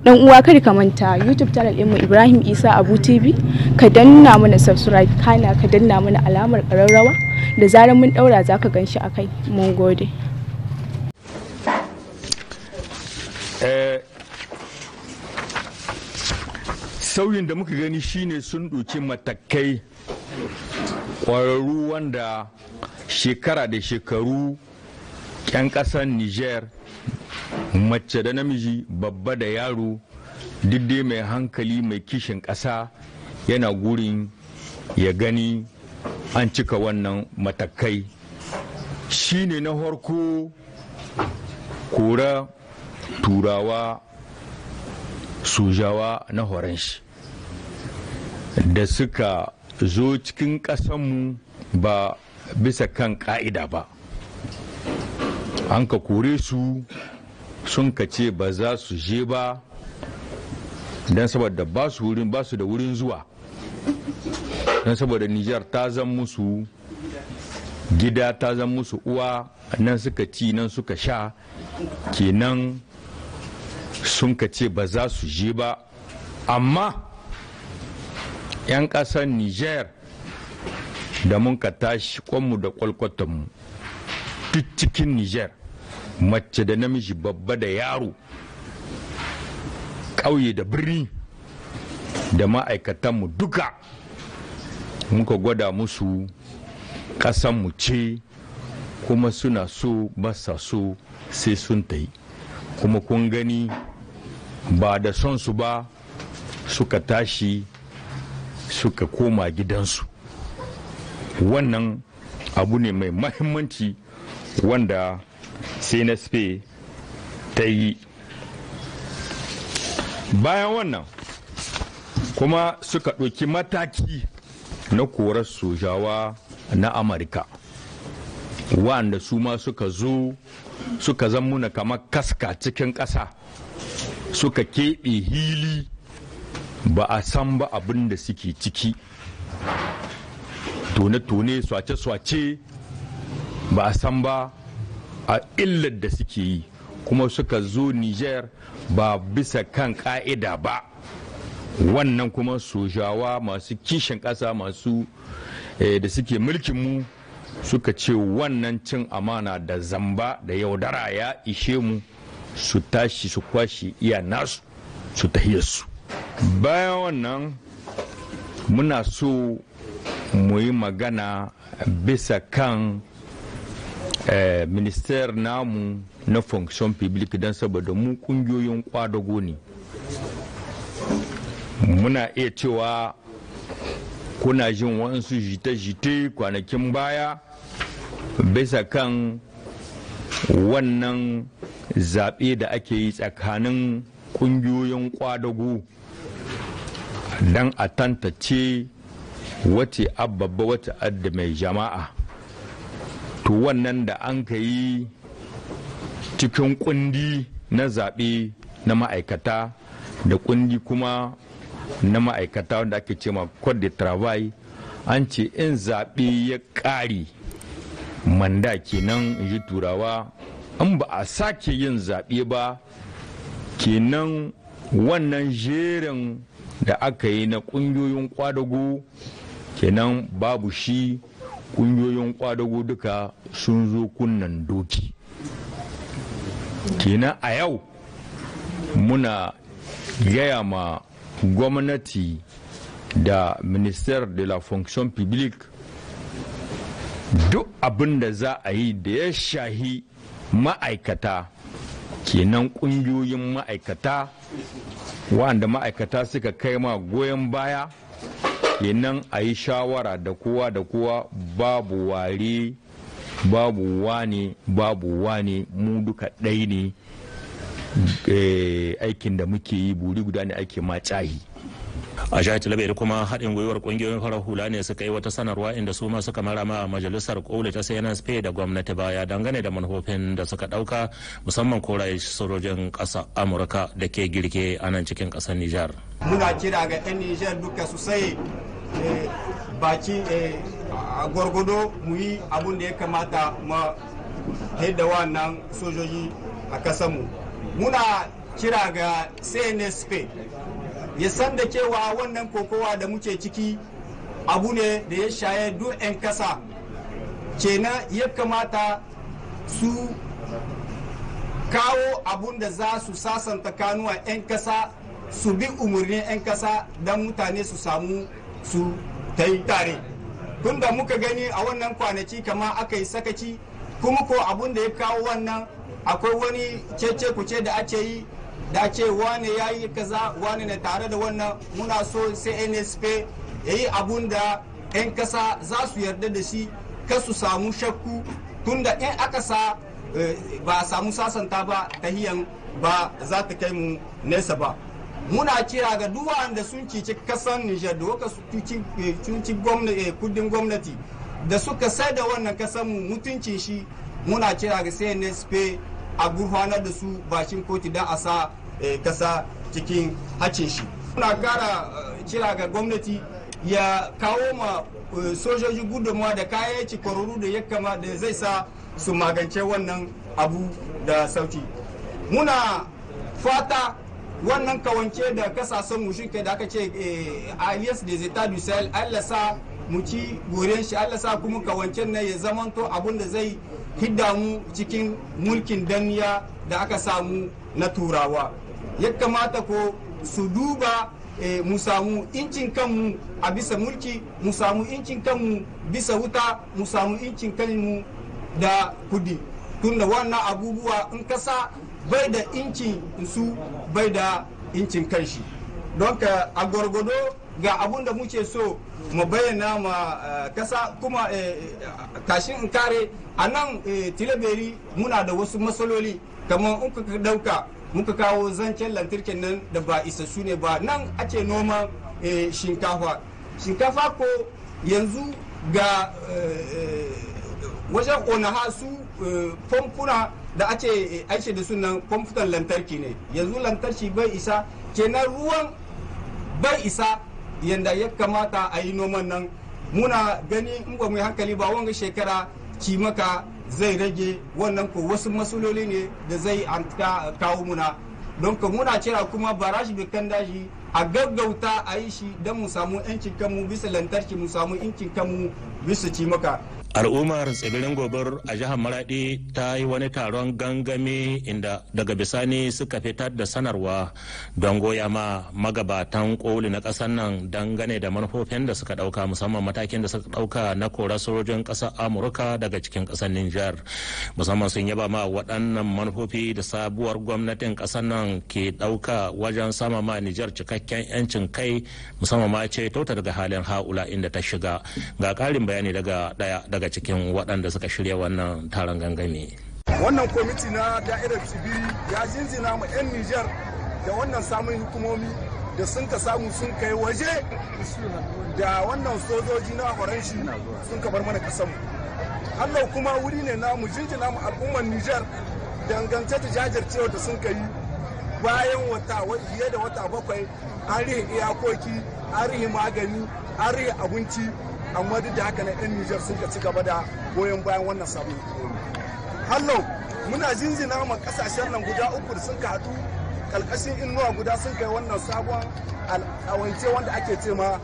dan uwa kada ka manta youtube channel mu ibrahim isa abu tv ka danna mana subscribe kana ka danna mana alamar kararrawa da zarar mun daura za ka ganshi akai kai gode eh, sauyin da muka gani shine sun ɗauki matakai ƙwararru wanda shekara da shekaru 'yan ƙasar niger mace da namiji babba da yaro dai mai hankali mai kishin ƙasa yana gurin ya gani an cika wannan matakai shine na harko kora turawa sujawa na horon shi da suka zo cikin ƙasanmu ba bisa kan ƙa'ida ba an ka kore su sun ka ce ba za su je ba don saboda ba su da wurin zuwa don saboda nijar ta zan musu gida ta zan musu uwa nan suka ci nan suka sha kenan sun ka ce ba za su je ba amma 'yan kasar nijar da mun ka tashi kwanmu da kwalkwatanmu duk cikin nijar. mace da namiji babba da yaro ƙauye da birni da ma'aikatanmu duka muka gwada musu ƙasanmu ce kuma suna so basa so sai sun ta kuma kun gani ba da son su ba suka tashi suka koma gidansu wannan abu ne mai mahimmanci wanda cnsp ta yi bayan wannan kuma suka ɗauki mataki na korar sojawa na amurka wanda su ma suka zo suka zammuna kamar kaska cikin ƙasa suka keɓe hili ba a san ba abin da suke ciki tone-tone swace-swace ba a san ba a illar da suke yi kuma suka zo niger ba bisa kan ka'ida ba wannan kuma sojawa masu kishin ƙasa masu eh, da suke mulkinmu suka ce wannan cin amana da zamba da yaudara ya ishe mu su tashi su kwashi iya nasu su su. bayan wannan muna so mu yi magana bisa kan Eh, minister namu na fonction public don saboda mu kungiyoyin kwadago ne muna iya cewa kuna jin wasu jite-jite kwanakin baya bisa kan wannan zaɓe da ake yi tsakanin ƙungiyoyin ƙwadago don a tantace wace ababba wata adda mai jama'a to wannan da an ka yi cikin kundi na zaɓe na ma'aikata da kundi kuma na ma'aikata wanda ake ce ma code de travail an ce in zaɓe ya ƙari manda kenan yi turawa in ba a sake yin zaɓe ba kenan wannan jerin da aka yi na ƙungiyoyin kwadago kenan babu shi kungiyoyin kwadago duka sun zo kunnan doki kenan a yau muna gaya ma gwamnati da minister de la fonction publique duk abin da za a yi da ya shahi ma'aikata kenan kungiyoyin ma'aikata wanda ma'aikata suka kai ma goyon baya yannan a yi shawara da kowa da kowa babu ware babu wani babu wani mu duka ɗai ne eh, aikin da muke yi buri guda ne ake matsahi a jihar da kuma haɗin gwiwar ƙungiyoyin farar hula ne suka yi wata sanarwa inda su ma suka mara ma majalisar koli ta cnsp da gwamnati baya dangane da manufofin da suka ɗauka musamman koraye sojojin ƙasa amurka da ke girke a nan cikin ƙasar nijar muna kira ga 'yan nijar duka su sai eh, baki eh, gwargwado mu yi abun da ya kamata ma yadda wannan sojoji a mu muna kira ga cnsp ya san da cewa wannan kokowa da muke ciki abu ne da ya shaye duk 'yan kasa kenan ya kamata su kawo abun da za su sasanta kanuwa 'yan kasa su bi umarnin 'yan kasa don mutane su samu su ta yi tare tunda muka gani a wannan kwanaki kama aka yi sakaci kuma ko abun da ya kawo wannan akwai wani cece kuce da ake yi da ce wane ya yi kaza wane na tare da wannan muna so sai ya yi abun da 'yan kasa za su yarda da shi ka su samu shakku tunda in aka sa eh, ba a samu sasanta ba tahiya ba za ta kai mu nesa ba muna kira ga duk da sun cici kasan Nijar da waka cuci eh, eh, kudin gwamnati da suka sai da wannan kasan mu mutuncin shi muna kira ga CNSP a gurfanar da su bakin kotu don a sa eh, kasa cikin hacin shi muna kara cira eh, ga gwamnati ya kawo ma eh, sojoji gudunmawa da kayayyaki kwararru da ya kama da zai sa su magance wannan abu da sauti muna fata wannan kawance da kasashen kai da aka ce alias du allah sa mu ci goren shi allah sa kuma kawancen nan ya zamanto abun da zai hidda mu cikin mulkin danniya da aka samu na turawa ya kamata ko su duba e, mu samu incin kanmu a bisa mulki mu samu incin kanmu bisa wuta mu samu incin kanmu da kudi tunda wannan abubuwa in kasa bai da incin su bai da incin kanshi don ka a gwargwado ga abun da muke so mu bayyana ma eh, kasa kuma eh, eh, kashin in kare a nan tilaberi muna da wasu matsaloli kamar in kuka dauka muka kawo zancen lantarkin nan da ba isassu ne ba nan ake noman shinkafa shinkafa ko yanzu ga wajen onaha su famfuna da ake aiki da sunan kwamfutan lantarki ne yanzu lantarki bai isa kenan ruwan bai isa yanda ya kamata a yi noman nan muna gani in ba mu hankali ba wanga shekara kimaka zai rage wannan ko wasu masuloli ne da zai kawo muna don ka muna cira kuma barashi bai kan dashi a gaggauta a yi shi don mu samu 'yancin kanmu bisa lantarki mu samu 'yancin kanmu bisa cimaka al'ummar tsibirin gobar a jihar maradi ta yi wani taron gangami inda daga bisani suka fitar da sanarwa don goya ma magabatan koli na kasar nan dangane da manufofin da suka ɗauka musamman matakin da suka ɗauka na kora sojojin kasa amurka daga cikin kasar nijar musamman sun yaba ma waɗannan manufofi da sabuwar gwamnatin ƙasar nan ke ɗauka wajen sama ma nijar cikakken 'yancin kai musamman ma ce tota daga halin ha'ula inda ta shiga ga ƙarin bayani daga ɗaya daga cikin waɗanda suka shirya wannan taron gangami wannan kwamiti na da'irar tsibiri ya jinjina ma 'yan nijar da wannan samun hukumomi da sun ka samu sun kai waje da wannan sojoji na faranshi sun ka bar mana kasanmu allah kuma wuri ne namu jinjina mu al'ummar nijar dangance da jajircewa da sun kai bayan wata fiye da wata bakwai an rihe iyakoki an rihe magani an rihe abinci amma duk da haka na 'yan nijar sun ci gaba da goyon bayan wannan sabon hallo muna jinjina ma kasashen nan guda uku da sun ka haɗu kalkashin inuwa guda sun kai wannan sabon al'awance wanda ake ce ma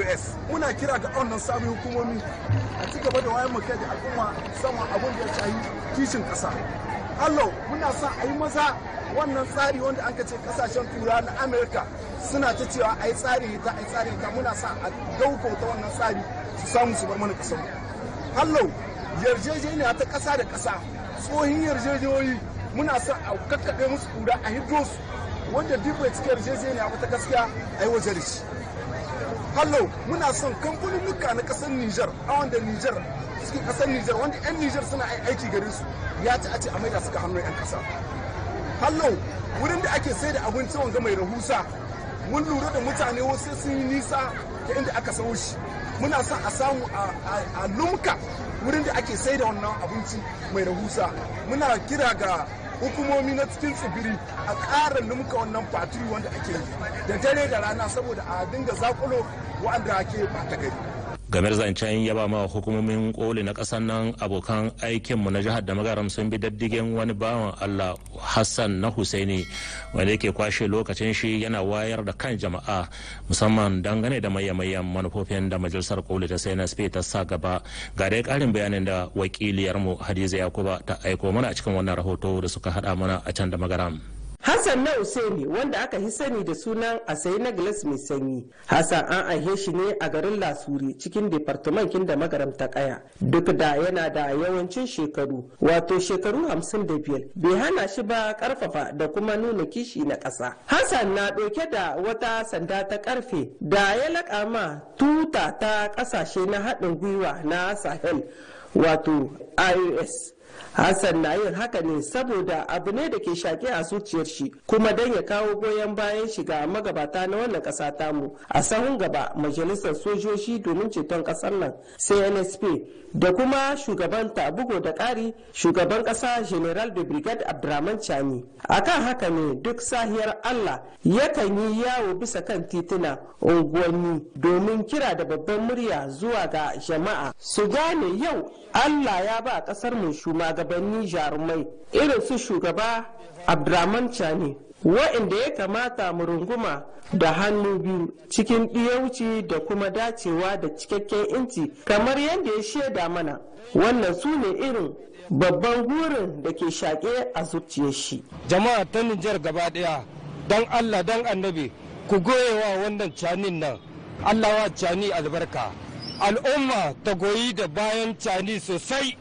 ios muna kira ga wannan sabon hukumomi a ci gaba da wayan kai da al'umma sama abun da ya shahi kishin ƙasa hallo muna sa a yi maza wannan tsari wanda an ce kasashen tura na Amerika suna ta cewa a yi tsari ta a yi tsari ta muna sa a dauko ta wannan tsari su samu su bar mana kasar hallau yarjejeniya ta ƙasa da ƙasa tsohin yarjejeniyoyi muna sa a kakkaɓe musu ƙura a hiddo su wanda duk bai cika yarjejeniya ba ta gaskiya a yi wajen shi hallo muna son nuka na ƙasar nijar a wanda nijar suke ƙasar nijar wanda 'yan nijar suna aiki gare su ya ci a ce a maida suka hannu 'yan ƙasa hallo wurin da ake sai da abinci wanga mai rahusa mun lura da mutane wasu sun yi nisa ta inda aka sau shi muna son a samu a lumka wurin da ake sai da wannan abinci mai rahusa muna kira ga hukumomi na cikin tsibiri a ƙara lumka wannan faturi wanda ake yi da dare da rana saboda a dinga zakulo wa'anda ake ta gari gamar zancen yaba ma hukumomin koli na kasan nan abokan aikinmu na jihar da magaram sun bi daddigen wani bawan allah hassan na husaini wanda yake kwashe lokacin shi yana wayar da kan jama'a musamman dangane da mayyamayyan manufofin da majalisar koli ta cnsp ta sa gaba ga dai karin bayanin da wakiliyarmu hadiza yakuba ta aiko mana a cikin wannan rahoton da suka hada mana a can da magaram. Hassan na Useni wanda aka yi sani da sunan a Asayi na Glass mai sanyi. Hassan an aihe shi ne a garin Lasuri cikin departamentin da magaramta kaya. Duk da yana da yawancin shekaru wato shekaru hamsin da biyar bai hana shi ba karfafa da kuma nuna kishi na ƙasa. Hassan na ɗauke da wata sanda ta karfe da ya laƙa ma tuta ta ƙasashe na haɗin gwiwa na Sahel wato IOS. Hassan na yin haka ne saboda abu ne da ke shaƙe a zuciyar shi kuma don ya kawo goyon bayan shiga magabata na wannan ƙasa tamu a sahun gaba majalisar sojoji domin ceton ƙasar nan CNSP da kuma shugaban bugu da ƙari shugaban ƙasa General da Brigade Abdurrahman Chani. Akan haka ne duk sahiyar Allah yakan yi yawo bisa kan tituna unguwanni domin kira da babban murya zuwa ga jama'a su gane yau Allah ya ba ƙasar mu shuma shugabanni jarumai irin su shugaba abdurrahman chani wa'inda ya kamata mu runguma da hannu biyu cikin ɗiyauci da kuma dacewa da cikakken inci kamar yadda ya shaida mana wannan su ne irin babban gurin da ke shaƙe a zuciyar shi jama'a ta nijar gaba ɗaya don allah don annabi ku goyewa wannan canin nan allah wa cani albarka al'umma ta goyi da bayan cani sosai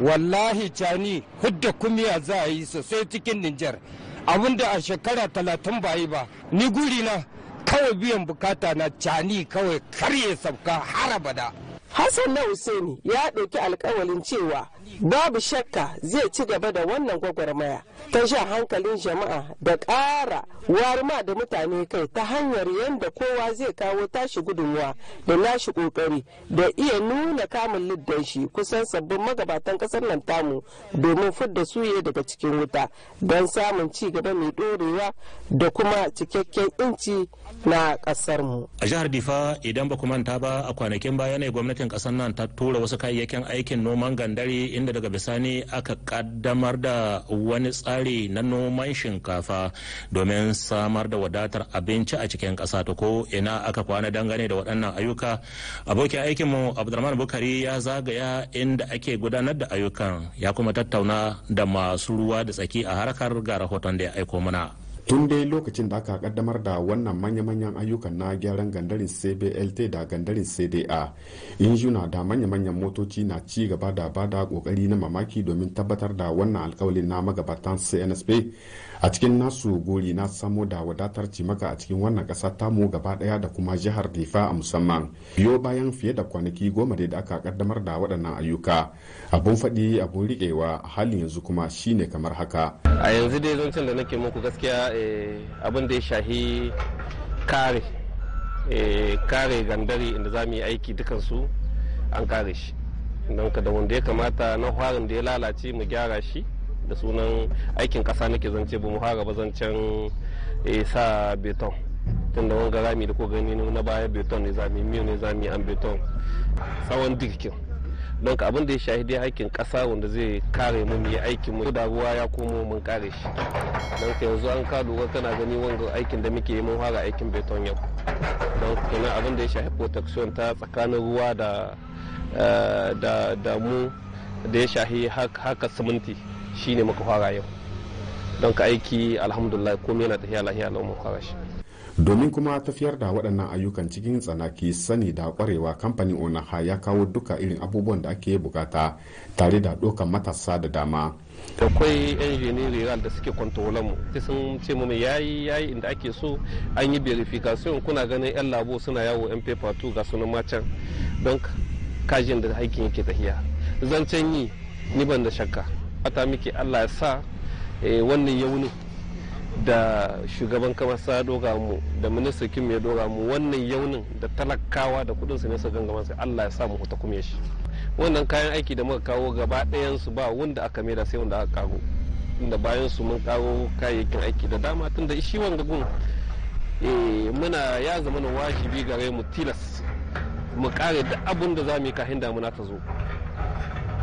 wallahi cani hudda kumiya za a yi sosai cikin nijar abinda a shekara talatin ba yi ba ni guri na kawai biyan bukata na cani kawai karye sauka har abada Hassan na Usaini ya ɗauki alkawalin cewa babu shakka zai ci gaba da wannan gwagwarmaya ta sha hankalin jama'a da ƙara warma da mutane kai ta hanyar yadda kowa zai kawo tashi gudunmuwa da nashi ƙoƙari da iya nuna kamun liddan shi kusan sabbin magabatan ƙasar nan tamu domin fidda suye daga cikin wuta don samun ci gaba mai ɗorewa da kuma cikakken inci na ƙasar mu. A jihar Difa idan ba ku manta ba a kwanakin baya ne gwamnatin ƙasar nan ta tura wasu kayayyakin aikin noman gandare inda daga bisani aka kaddamar da wani tsari na noman shinkafa domin samar da wadatar abinci a cikin ƙasa ta ko ina aka kwana dangane da waɗannan ayyuka abokin aikinmu abdulrahman bukari ya zagaya inda ake gudanar da ayyukan ya kuma tattauna da masu ruwa da tsaki a harkar ga rahoton da ya aiko mana. tun dai lokacin da aka kaddamar da wannan manya-manyan ayyukan na gyaran gandarin cblt da gandarin cda injuna da manya-manyan motoci na ci gaba da bada kokari na mamaki domin tabbatar da wannan alkawalin na magabatan cnsp a cikin nasu guri na samo da wadatar cimaka a cikin wannan ta tamu gaba ɗaya da kuma jihar difa a musamman biyo bayan fiye da kwanaki goma da aka kaddamar da waɗannan ayyuka abun faɗi abun riƙewa halin yanzu kuma shine kamar haka a yanzu dai zancen da nake muku gaskiya eh, abin da ya shahi kare eh, kare gandari inda za mu yi aiki dukansu an kare shi don ka da wanda ya kamata na harin da ya lalace mu gyara shi da sunan aikin kasa nake zance ba mu fara ba zancen eh, sa beton tunda wanga rami da ko gani na baya beton ne zami miyo ne zami an beton tsawon dirkin don ka abin da ya shahidi aikin kasa wanda zai kare mu mu aikin mu da ruwa ya komo mun kare shi don ka yanzu an ka dogon kana gani wanga aikin da muke yi mun fara aikin beton yau don kuma abin da ya shahi protection ta tsakanin ruwa da eh, da mu da ya shahi haka siminti shi ne muka fara yau don ka aiki alhamdulillah komai yana tafiya lahiya lau mun fara shi domin kuma tafiyar da waɗannan ayyukan cikin tsanaki sani da kwarewa kamfanin onaha ya kawo duka irin abubuwan da ake bukata tare da ɗaukar matasa da dama akwai yan rural da suke mu ta sun ce mu yayi yayi inda ake so an yi verification kuna ganin yan labo suna yawo yan paper 2 ga sunan macan don kajin da aikin yake tafiya zancen yi ni ban da shakka fata muke allah ya sa eh, wannan yaunin da shugaban sa ya doga mu da ministan kim ya doga mu wannan yaunin da talakawa da kudin su ne su gangama sai allah ya sa mu ta kume shi wannan kayan aiki da muka kawo gaba ɗayan su ba wanda aka mera sai wanda aka kago inda bayan su mun kawo kayayyakin aiki da dama tunda shi wanga gun eh, muna ya zama na wajibi gare mu tilas mu kare da abun da za mu yi kahin damuna ta zo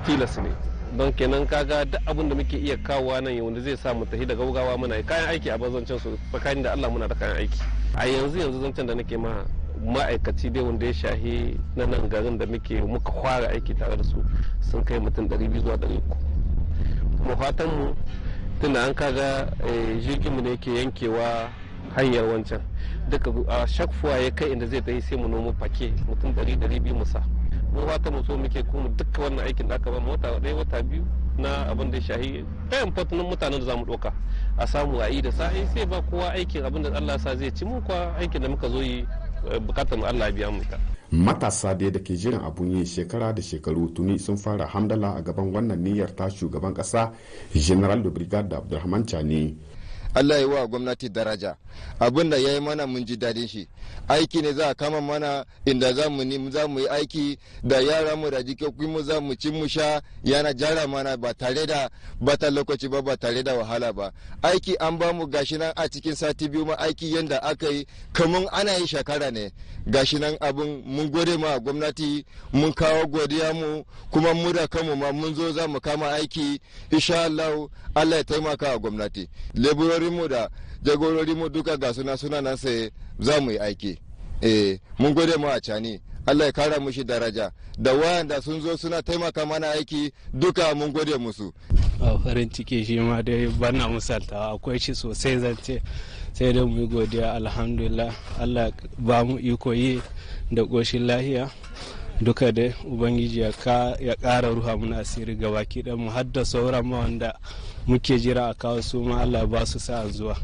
tilas ne don kenan kaga duk abin da muke iya kawowa nan wanda zai sa mu tafi da gaugawa muna kayan aiki a bazancin su tsakanin da Allah muna da kayan aiki a yanzu yanzu zancen da nake ma ma'aikaci dai wanda ya shahi na nan garin da muke muka kwara aiki tare da su sun kai mutum 200 zuwa 300 mu fatan mu tunda an kaga eh, jirginmu ne ke yankewa hanyar wancan duka a shakfuwa ya kai inda zai tafi sai mu nomo fake mutum biyu mu sa. mu ta so muke kuma duka wannan aikin da aka ba wata ɗaya wata biyu na abin da shahi ɗayan fatanin mutanen da zamu ɗauka a samu a yi da sa'i sai ba kowa aikin abin da Allah sa zai ci mu kwa aikin da muka zo yi eh, bukatar mu Allah biya mu ita. Matasa da da ke jiran abun yi shekara da shekaru tuni sun fara hamdala a gaban wannan niyyar ta shugaban kasa General da Brigade Abdulrahman Chani. allah ya wa gwamnati daraja abin da ya yi mana mun ji dadin shi aiki ne za a kama mana inda za mu za mu yi aiki da yara mu da jikokin mu za mu ci mu sha yana jara mana ba tare da bata lokaci ba ba tare da wahala ba aiki an ba mu gashi nan a cikin sati biyu ma aiki yanda aka yi kamun ana yi shekara ne gashi nan abin mun gode ma gwamnati mun kawo godiya mu kuma mu da kanmu ma mun zo za mu kama aiki insha Allah Allah ya taimaka wa gwamnati leburori mu da jagorori mu duka ga suna suna nan sai za mu yi aiki eh mun gode mu a cani Allah ya kara shi daraja da wayanda sun zo suna taimaka mana aiki duka mun gode musu farin ciki shi ma dai bana misalta akwai shi sosai zance sai dai mu yi godiya alhamdulillah Allah ba mu iko yi da goshin lahiya duka dai ubangiji ya kara ruha muna asiri ga gabaki da mu hadda sauran ma wanda muke jira a kawo su ma Allah ba su sa zuwa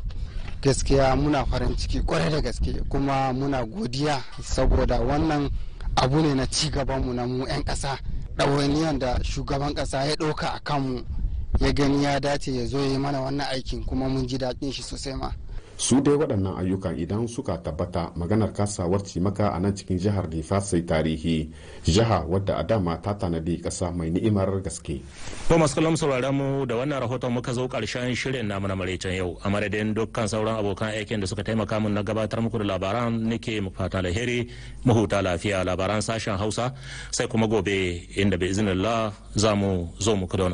gaskiya muna farin ciki kwarai da gaske kuma muna godiya saboda wannan abu ne na ci mu na mu 'yan ƙasa ɗawainiyar da shugaban ƙasa ya ɗauka a kanmu ya gani ya dace ya zo ya yi mana wannan aikin kuma mun ji daɗin shi sosai ma su dai waɗannan ayyukan idan suka tabbata maganar kasawar maka a nan cikin jihar difa sai tarihi jiha wadda a dama ta tanadi kasa mai ni'imar gaske Thomas masu saurara mu da wannan rahoton muka zo ƙarshen shirin namu na maraicen yau a madadin dukkan sauran abokan aikin da suka taimaka mun na gabatar muku da labaran nake mu fata alheri mu huta lafiya labaran sashen hausa sai kuma gobe inda bi iznillah za mu zo muku da